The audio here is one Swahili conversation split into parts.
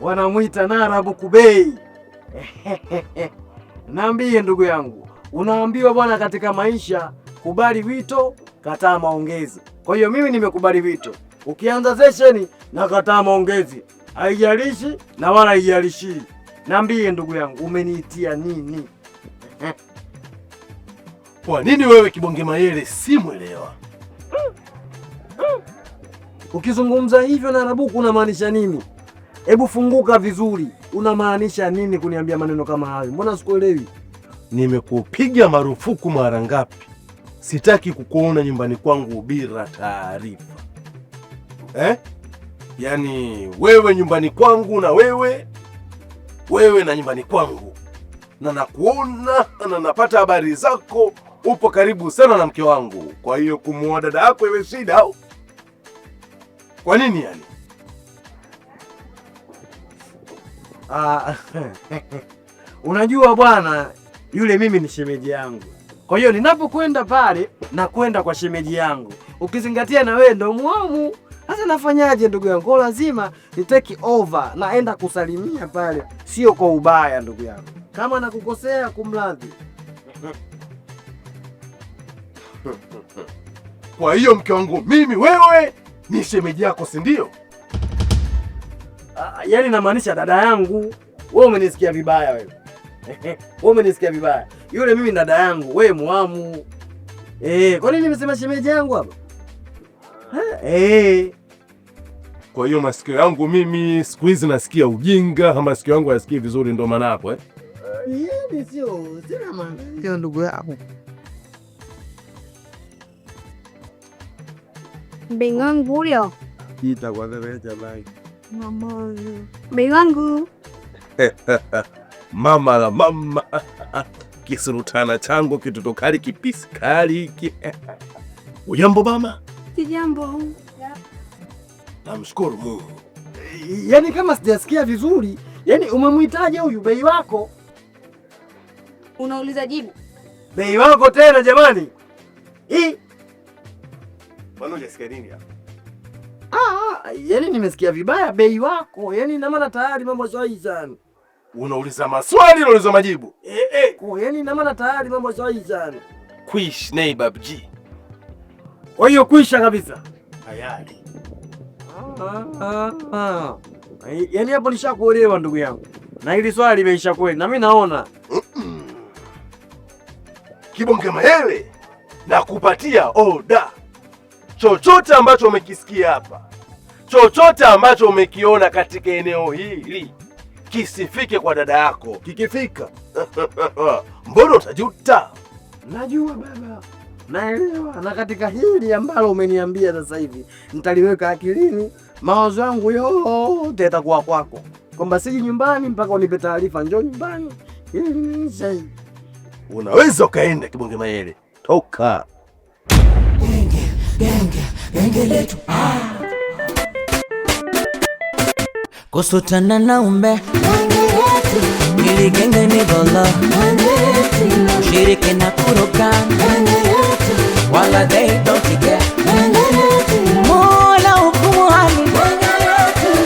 wanamwita Narabuku Kubei. Naambie ndugu yangu, unaambiwa bwana, katika maisha kubali wito, kataa maongezi. Kwa hiyo mimi nimekubali wito, ukianza session na kataa maongezi, haijalishi na wala haijalishi. Naambie ndugu yangu, umeniitia nini? Kwa nini wewe Kibonge Mayele simwelewa Ukizungumza hivyo Narabuku unamaanisha nini? Hebu funguka vizuri, unamaanisha nini kuniambia maneno kama hayo? Mbona sikuelewi? Nimekupiga marufuku mara ngapi? Sitaki kukuona nyumbani kwangu bila taarifa eh? Yaani wewe nyumbani kwangu na wewe wewe na nyumbani kwangu, na nakuona na napata habari zako, upo karibu sana na mke wangu. Kwa hiyo kumuoa dada yako iwe shida au kwa nini yani? Ah, unajua bwana, yule mimi ni shemeji yangu, kwa hiyo ninapokwenda pale nakwenda kwa shemeji yangu, ukizingatia na wewe ndo mwamu. Sasa nafanyaje ndugu yangu? Kwa lazima ni take over, naenda kusalimia pale, sio kwa ubaya ndugu yangu, kama nakukosea kumradhi. Kwa hiyo mke wangu mimi, wewe ni shemeji yako, si ndio? yaani namaanisha dada yangu. Wewe umenisikia vibaya wewe. Wewe umenisikia vibaya. Yule mimi dada yangu, wewe mwamu. Eh, kwa nini nimesema shemeji yangu hapa? Eh, eh. Kwa hiyo masikio yangu mimi siku hizi nasikia ujinga, masikio yangu hayasikii vizuri ndo maana hapo eh. eh Yeye sio, sina maana. Ndugu yangu. Mbingangu huyo. Kita kwa dada yake Bei wangu mama la mama kisulutana changu kitoto kali kipisi kali ki. Ujambo mama? Sijambo. Namshukuru Mungu. Yaani kama sijasikia vizuri, yaani umemwitaje huyu bei wako? Unauliza jibu. Bei wako tena jamani? Hii. Bwana, unasikia nini hapa? yani nimesikia vibaya bei wako, yani ina maana tayari mambo sahihi Unauliza maswali unauliza majibu e, eh, e. Eh. yani ina maana tayari mambo sahihi sana. Kwish nei babji, kwa hiyo kwisha kabisa tayari. Ah, ah, ah. Yani hapo nishakuelewa ndugu yangu, na hili swali limeisha kweli, na mimi naona Kibonge Mayele na kupatia oda chochote ambacho umekisikia hapa chochote ambacho umekiona katika eneo hili kisifike kwa dada yako. Kikifika mbona utajuta. Najua baba, naelewa, na katika hili ambalo umeniambia sasa hivi nitaliweka akilini. Mawazo yangu yote yatakuwa kwako, kwamba siji nyumbani mpaka unipe taarifa, njoo nyumbani. Unaweza ukaenda Kibonge Mayele, toka genge genge genge letu ah kusutana na umbe niligenge ni dolo shirike na kuruka wala they Mola hukumu hali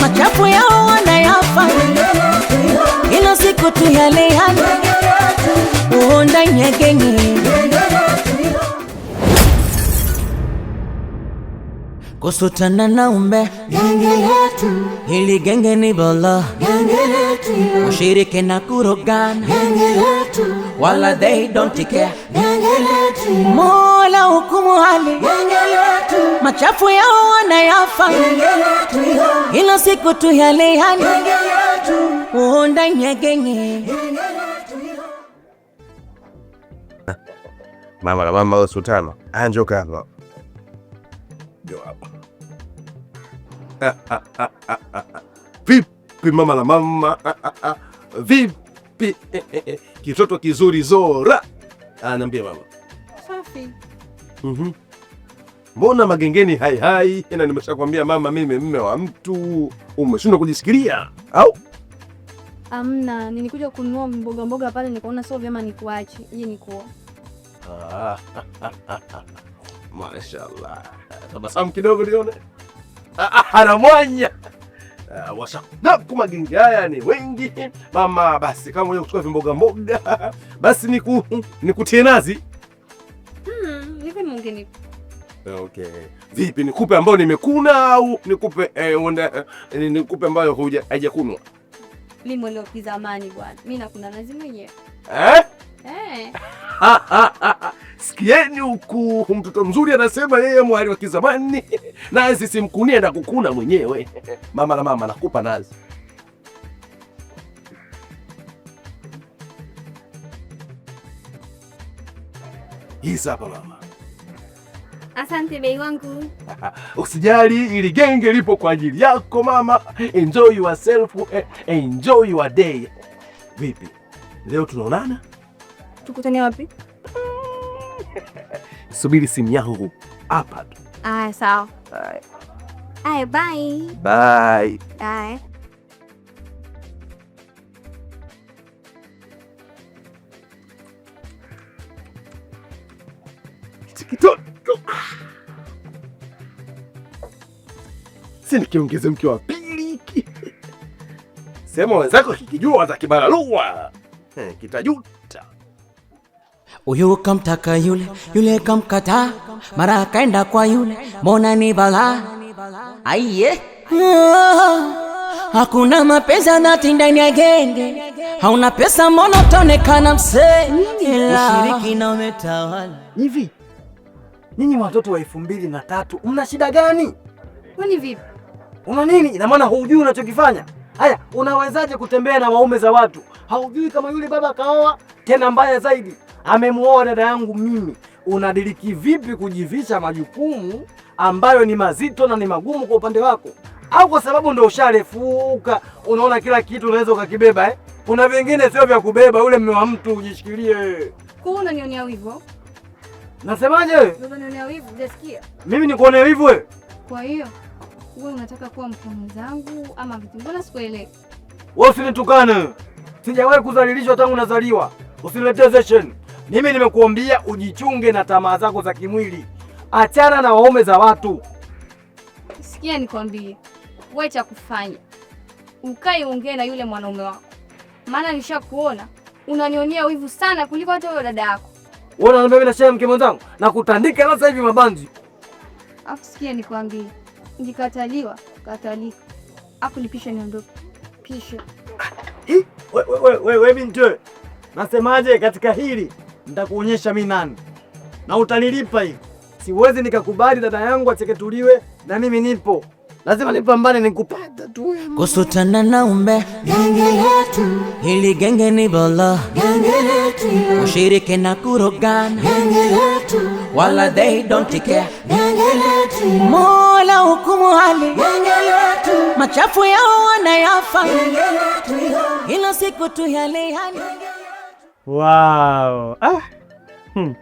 machafu yao wanayafa, ila siku tu yale yale uonda kusutana na umbe genge letu, hili genge ni bolo genge letu, ushirike na kurogana genge letu, wala they don't care genge letu, Mola hukumu hali genge letu, machafu yao wanayafa genge letu, hilo siku tu yale yale genge letu, uonda nyegenge mama na mama sultano anjo hapa Vipi mama la mama, vipi kitoto kizuri Zora? Anaambia mama safi. Mhm. mbona magengeni hai hai? Na nimeshakwambia mama, mimi mme wa mtu, umeshindwa kujisikiria au? Amna, nilikuja kununua mboga mboga pale, nikaona sio vyema nikuache. Je, nikuo? Ah, Mashaallah, tabasamu kidogo nione. anamwanya ah, washakudaku magengi haya ni wengi mama. Basi kama unataka kuchukua vimboga mboga, basi niku nikutie nazi hmm, hivi. Okay, vipi nikupe ambayo nimekuna au nikupe eh, wanda, eh, nikupe ambayo huja haijakunwa? Mimi mweleo kizamani bwana, mimi nakuna nazi mwenyewe eh eh Sikieni huku, mtoto mzuri anasema yeye mwari wa kizamani, nazi simkunie na kukuna mwenyewe. Mama na mama, nakupa nazi hapa mama. Asante bei wangu. Usijali, ili genge lipo kwa ajili yako mama. Enjoy yourself, eh, enjoy your day. Vipi leo tunaonana? Tukutane wapi? Subiri simu yangu hapa tu. Aya, sawa. Aya, bye. Bye. Aya. Si nikiongeze mke wa pili sema wenzako kikijua watakibara lugha kitajuta uyu kamtaka yule, yule kamkata mara akaenda kwa yule, mbona ni bala Aiye, ah, hakuna mapesa na tindani agende, hauna pesa mbona utaonekana Ushiriki na umetawala hivi. Nyinyi watoto wa elfu mbili na tatu mna shida gani? Kwani vipi? Una nini? Ina maana hujui unachokifanya? Haya, unawezaje kutembea na waume za watu? Haujui kama yule baba kaoa, tena mbaya zaidi amemuoa dada yangu mimi. Unadiriki vipi kujivisha majukumu ambayo ni mazito na ni magumu kwa upande wako? Au kwa sababu ndio usharefuka unaona kila kitu unaweza ukakibeba eh? Kuna vingine sio vya kubeba, ule mme wa mtu ujishikilie. Unanionea wivu? Nasemaje wewe? Unanionea wivu, unasikia? Mimi nikuonea wivu wewe? Kwa hiyo wewe unataka kuwa mkono zangu ama vipi? Mbona sikuelewi? Wewe usinitukane. Sijawahi kudhalilishwa tangu nazaliwa. Usiniletee zesheni. Mimi nimekuambia ujichunge na tamaa zako za kimwili, achana na waume za watu. Sikia nikwambie, wewe cha kufanya ukae ongee na yule mwanaume wako, maana nishakuona unanionea wivu sana kuliko hata wewe dada yako. Wewe unaniambia mimi nashia mke mwenzangu na kutandika sasa hivi mabanzi. Afu sikia nikwambie, nikataliwa katalika, afu niondoke, pisha wewe wewe wewe, binti nasemaje katika hili? nitakuonyesha mimi nani na utanilipa hiko. Siwezi nikakubali dada yangu acheketuliwe, na mimi nipo, lazima nipambane nikupata tu. Kusutana na umbe genge letu, hili genge ni bolo genge letu, ushirike na kurogana genge letu, wala they don't care genge letu, mola hukumu hali genge letu, machafu yao wanayafa genge letu, ila siku tu yale yale Wow. Ah. Hmm.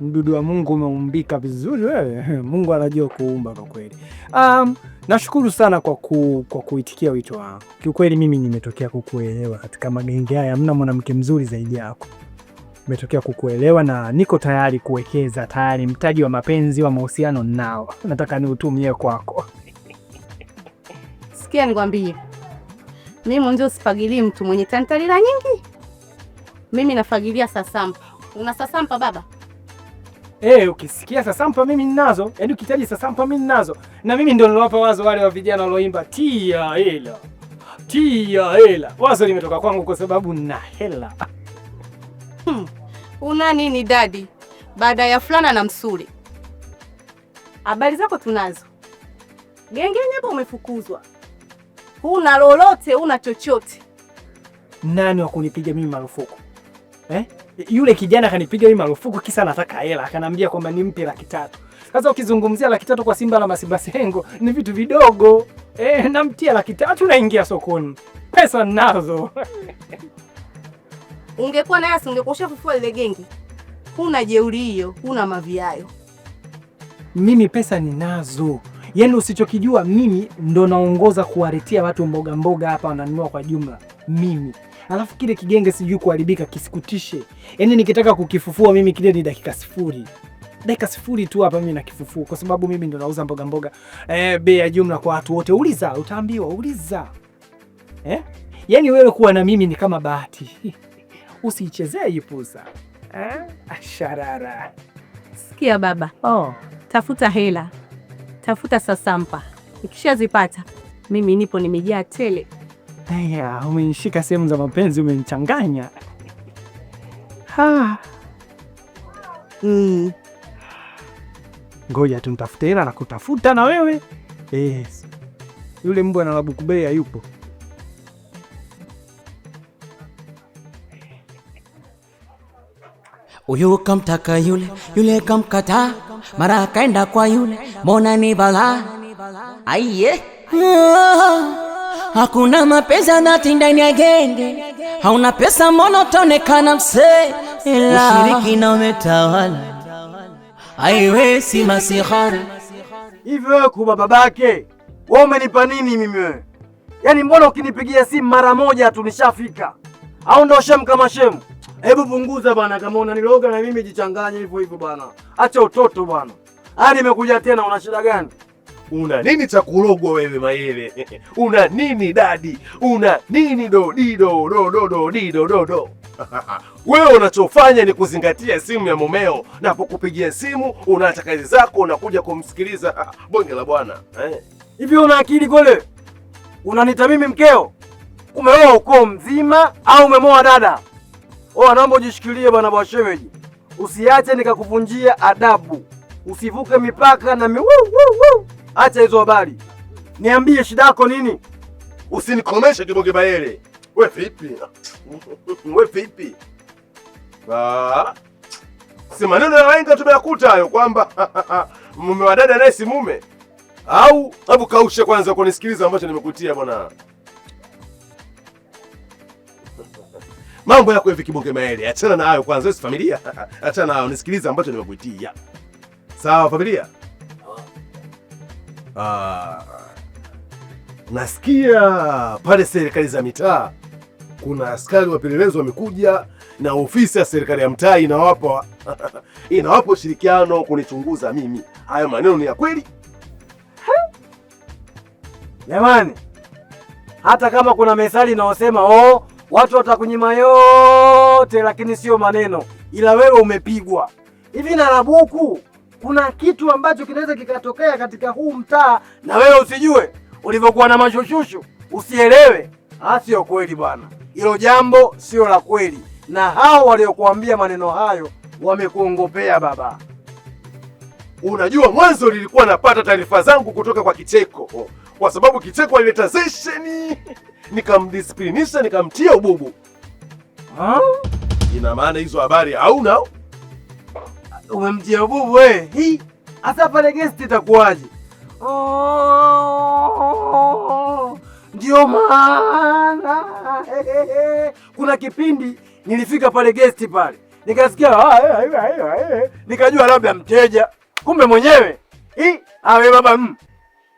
Mdudu wa Mungu umeumbika vizuri wewe. Mungu anajua kuumba kwa kweli. Um, nashukuru sana kwa, ku, kwa kuitikia wito wangu. Kiukweli mimi nimetokea kukuelewa katika magenge haya, hamna mwanamke mzuri zaidi yako. Nimetokea kukuelewa na niko tayari kuwekeza, tayari mtaji wa mapenzi wa mahusiano nao nataka niutumie kwako. Sikia nikwambie, mimi mwenyewe usipagilii mtu mwenye tantalila nyingi mimi nafagilia sasampa. Una sasampa baba? Hey, eh, ukisikia sasampa mimi ninazo, yaani ukitaji sasampa mimi ninazo, na mimi ndio nilowapa wazo wale wa vijana walioimba tia hela tia hela. Wazo limetoka kwangu kwa sababu na hela. Hmm. Una nini dadi? Baada ya fulana na msuli, habari zako tunazo. Gengeni hapo umefukuzwa, huna lolote, una chochote. Nani wa kunipiga mimi marufuku? Eh? Yule kijana akanipiga mimi marufuku kisa nataka hela, akanambia kwamba nimpe laki tatu. Sasa ukizungumzia laki tatu kwa Simba la Masimba Sengo ni vitu vidogo. Eh, namtia laki tatu naingia sokoni. Pesa nazo. Ungekuwa naye asingekuwa ushafufua lile gengi. Huna jeuri hiyo, huna maviayo. Mimi pesa ninazo. Yaani usichokijua mimi ndo naongoza kuwaletea watu mboga mboga hapa wananunua kwa jumla. Mimi Alafu kile kigenge sijui kuharibika kisikutishe. Yaani nikitaka kukifufua mimi kile ni dakika sifuri. Dakika sifuri tu hapa mimi nakifufua kwa sababu mimi ndo nauza mboga mboga. Eh, bei ya jumla kwa watu wote. Uliza, utaambiwa uliza. Eh? Yaani wewe kuwa na mimi ni kama bahati. Usiichezee ipusa. Eh? Asharara. Sikia baba. Oh, tafuta hela. Tafuta sasampa. Ikishazipata mimi nipo nimejaa tele. Haya, umenishika sehemu za mapenzi, umenichanganya. Mm. Ngoja tumtafute hela na kutafuta na wewe yes. Yule mbwa na labu kubei hayupo. Huyu kamtaka yule, yule kamkataa, mara akaenda kwa yule, mbona ni balaa aiye Hakuna mapeza anati ndani ya genge, hauna pesa mbona utaonekana msela. Ushirikina umetawala, aiwe si masihara hivyo. Wewe Kuba babake, wewe umenipa nini mimi wewe? Yaani mbona ukinipigia simu mara moja tu nishafika, au ndo shemu kama shemu? Hebu punguza bwana, kama unaniroga na mimi jichanganye hivyo hivyo bwana, acha utoto bwana. Hadi nimekuja tena, una shida gani? una nini cha kurogwa wewe Mayele? Eh, eh. una nini dadi? una nini dodido do do Wewe unachofanya ni kuzingatia simu ya mumeo, na simu unaacha kazi zako unakuja kumsikiliza bonge la bwana eh. hivi eh. Una akili kole? Unanita mimi mkeo? Umeoa uko mzima au umemoa dada? Oh, naomba ujishikilie bwana Bwashemeji, usiache nikakuvunjia adabu, usivuke mipaka na mi acha hizo habari, niambie shida yako nini? Usinikomeshe Kiboge Bayele. We vipi? We vipi? Si maneno ya wahenga tumeyakuta hayo, kwamba mume wa dada naye si mume au? Hebu kaushe kwanza kunisikiliza ambacho nimekutia bwana. Mambo yako hivi Kiboge Maele, achana na hayo kwanza. Wewe si familia, achana nayo, nisikiliza ambacho nimekutia. sawa, familia. Ah, nasikia pale serikali za mitaa kuna askari wapelelezi wamekuja na ofisi ya serikali ya mtaa inawapa inawapa ushirikiano kunichunguza mimi. Hayo maneno ni ya kweli jamani? Hata kama kuna methali inayosema oh, watu watakunyima yote, lakini sio maneno, ila wewe umepigwa hivi na labuku kuna kitu ambacho kinaweza kikatokea katika huu mtaa na wewe usijue. Ulivyokuwa na mashushushu usielewe, ah, sio kweli bwana. Hilo jambo sio la kweli, na hao waliokuambia maneno hayo wamekuongopea baba. Unajua, mwanzo nilikuwa napata taarifa zangu kutoka kwa Kicheko kwa sababu Kicheko alileta sesheni nikamdisiplinisha, nikamtia ububu. Ina maana hizo habari hauna Umemtia bubu wewe. Eh. Hi, hasa pale guest itakuwaje? Oh, ndio maana eh, eh, kuna kipindi nilifika pale guest pale nikasikia ah, nikajua labda mteja, kumbe mwenyewe. hi awe ah, baba m mm.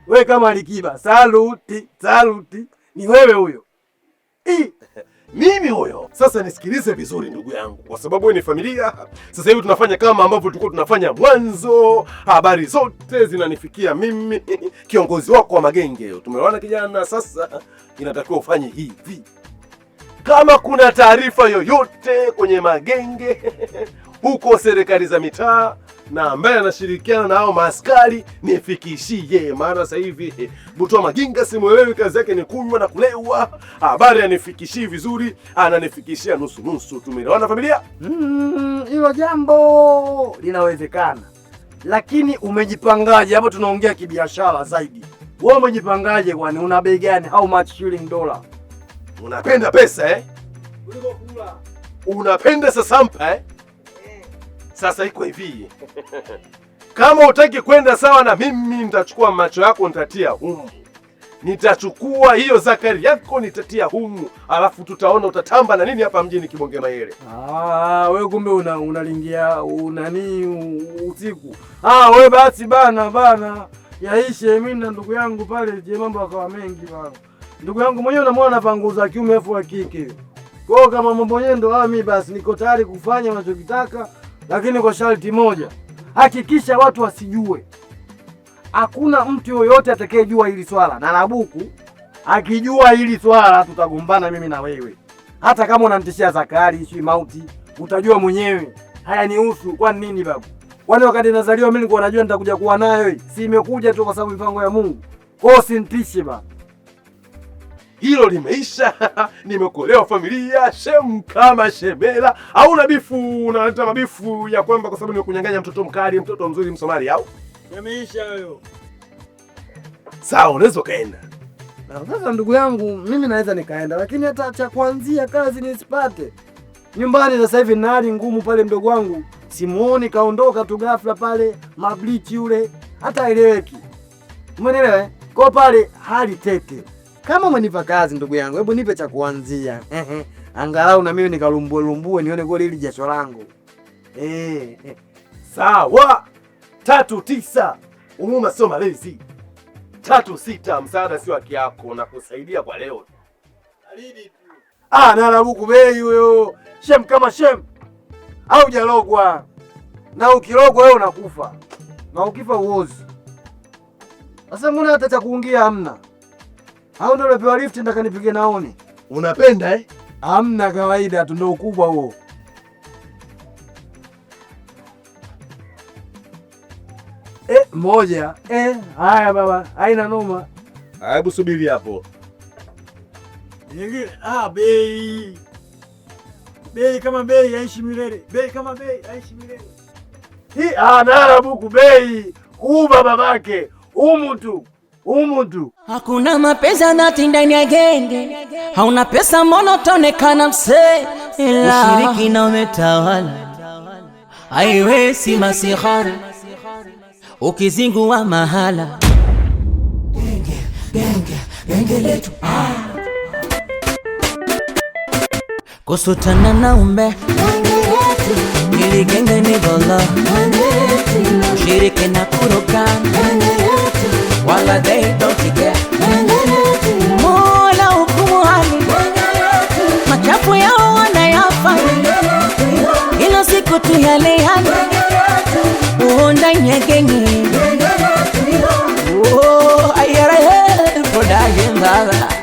we kama Alikiba, saluti saluti, ni wewe huyo mimi huyo. Sasa nisikilize vizuri ndugu yangu, kwa sababu ni familia. Sasa hivi tunafanya kama ambavyo tulikuwa tunafanya mwanzo, habari zote zinanifikia mimi, kiongozi wako wa magenge. tumeona kijana? Sasa inatakiwa ufanye hivi, kama kuna taarifa yoyote kwenye magenge huko serikali za mitaa na ambaye anashirikiana na hao maaskari nifikishie. Maana sasa hivi eh, Butoa Maginga simuelewi, kazi yake ni kunywa na kulewa. Habari anifikishii vizuri, ananifikishia nusu nusu. Tumeelewana familia? Mm, hilo mm, jambo linawezekana, lakini umejipangaje hapo? Tunaongea kibiashara zaidi. Wewe umejipangaje? Kwani una bei gani? How much shilling dollar? Unapenda pesa eh? Unapenda sasampa eh? Sasa iko hivi, kama utaki kwenda sawa na mimi, nitachukua macho yako nitatia humu, nitachukua hiyo zakari yako nitatia humu, alafu tutaona utatamba na nini hapa mjini Kibonge Maere. Ah, we kumbe unalingia una nani usiku? Ah, we basi bana bana yaishe mimi na ndugu yangu pale, je, mambo akawa mengi bana. Ndugu yangu mwenyewe unamwona napanguza kiume afu wa kike Kwa kama mambo yenyewe ndo mimi, ah, basi niko tayari kufanya unachokitaka lakini kwa sharti moja, hakikisha watu wasijue. Hakuna mtu yoyote atakayejua hili swala, na Labuku akijua hili swala tutagombana mimi na wewe. Hata kama unamtishia Zakari sijui mauti, utajua mwenyewe. Haya ni usu kwa nini babu? Kwani wakati nazaliwa mimi nilikuwa najua nitakuja kuwa nayo hii? Si imekuja tu kwa sababu mipango ya Mungu. Kwa hiyo simtishe hilo limeisha. Nimekuelewa familia, shem kama shebela, au na bifu, unaleta mabifu ya kwamba kwa sababu nimekunyang'anya mtoto mkali, mtoto mzuri Msomali au? Yameisha hayo. Sawa, unaweza ukaenda. Sasa ndugu yangu, mimi naweza nikaenda, lakini hata cha kuanzia kazi nisipate nyumbani. Sasa hivi nina hali ngumu pale, mdogo wangu simuoni, kaondoka tu ghafla pale mablichi yule, hata aeleweki, umeelewa? Eh? Kwa pale hali tete kama umenipa kazi ndugu yangu, hebu nipe cha kuanzia. Angalau na mimi nikalumbue lumbue nione goli hili jasho langu. Eh. Sawa. Tatu tisa. umuma sio malezi. Tatu sita, msaada sio haki yako na kusaidia kwa leo. tu. Ah, na Rabuku bei huyo. Shem kama shem. Au jalogwa. Na ukilogwa wewe unakufa. Na ukifa uozi. Sasa mbona hata cha kuungia hamna? au ndio unapewa lift? ndaka nipige naoni? unapenda eh? Hamna kawaida tu, ndio ukubwa huo. Eh, moja. Eh, haya baba, haina noma. Hebu subiri hapo. Ah, bei. Bei kama bei aishi milele. Bei kama bei aishi milele. Hii ah, narabuku bei. Uba babake, umutu umuntu hakuna mapenzi anati ndani ya genge, hauna pesa mbona utaonekana msela, ushirikina umetawala, aiwe si masihara, ukizingua mahala genge, genge, genge letu ah. kusutana na umbe ili genge ni bolo, ushirikina kurogana Wala they don't care. Mola hukumu hali, machafu yao wanayafanya, ilo siku tuyaleane, uonda nyegenye, oh, ayere, bodaye mbaba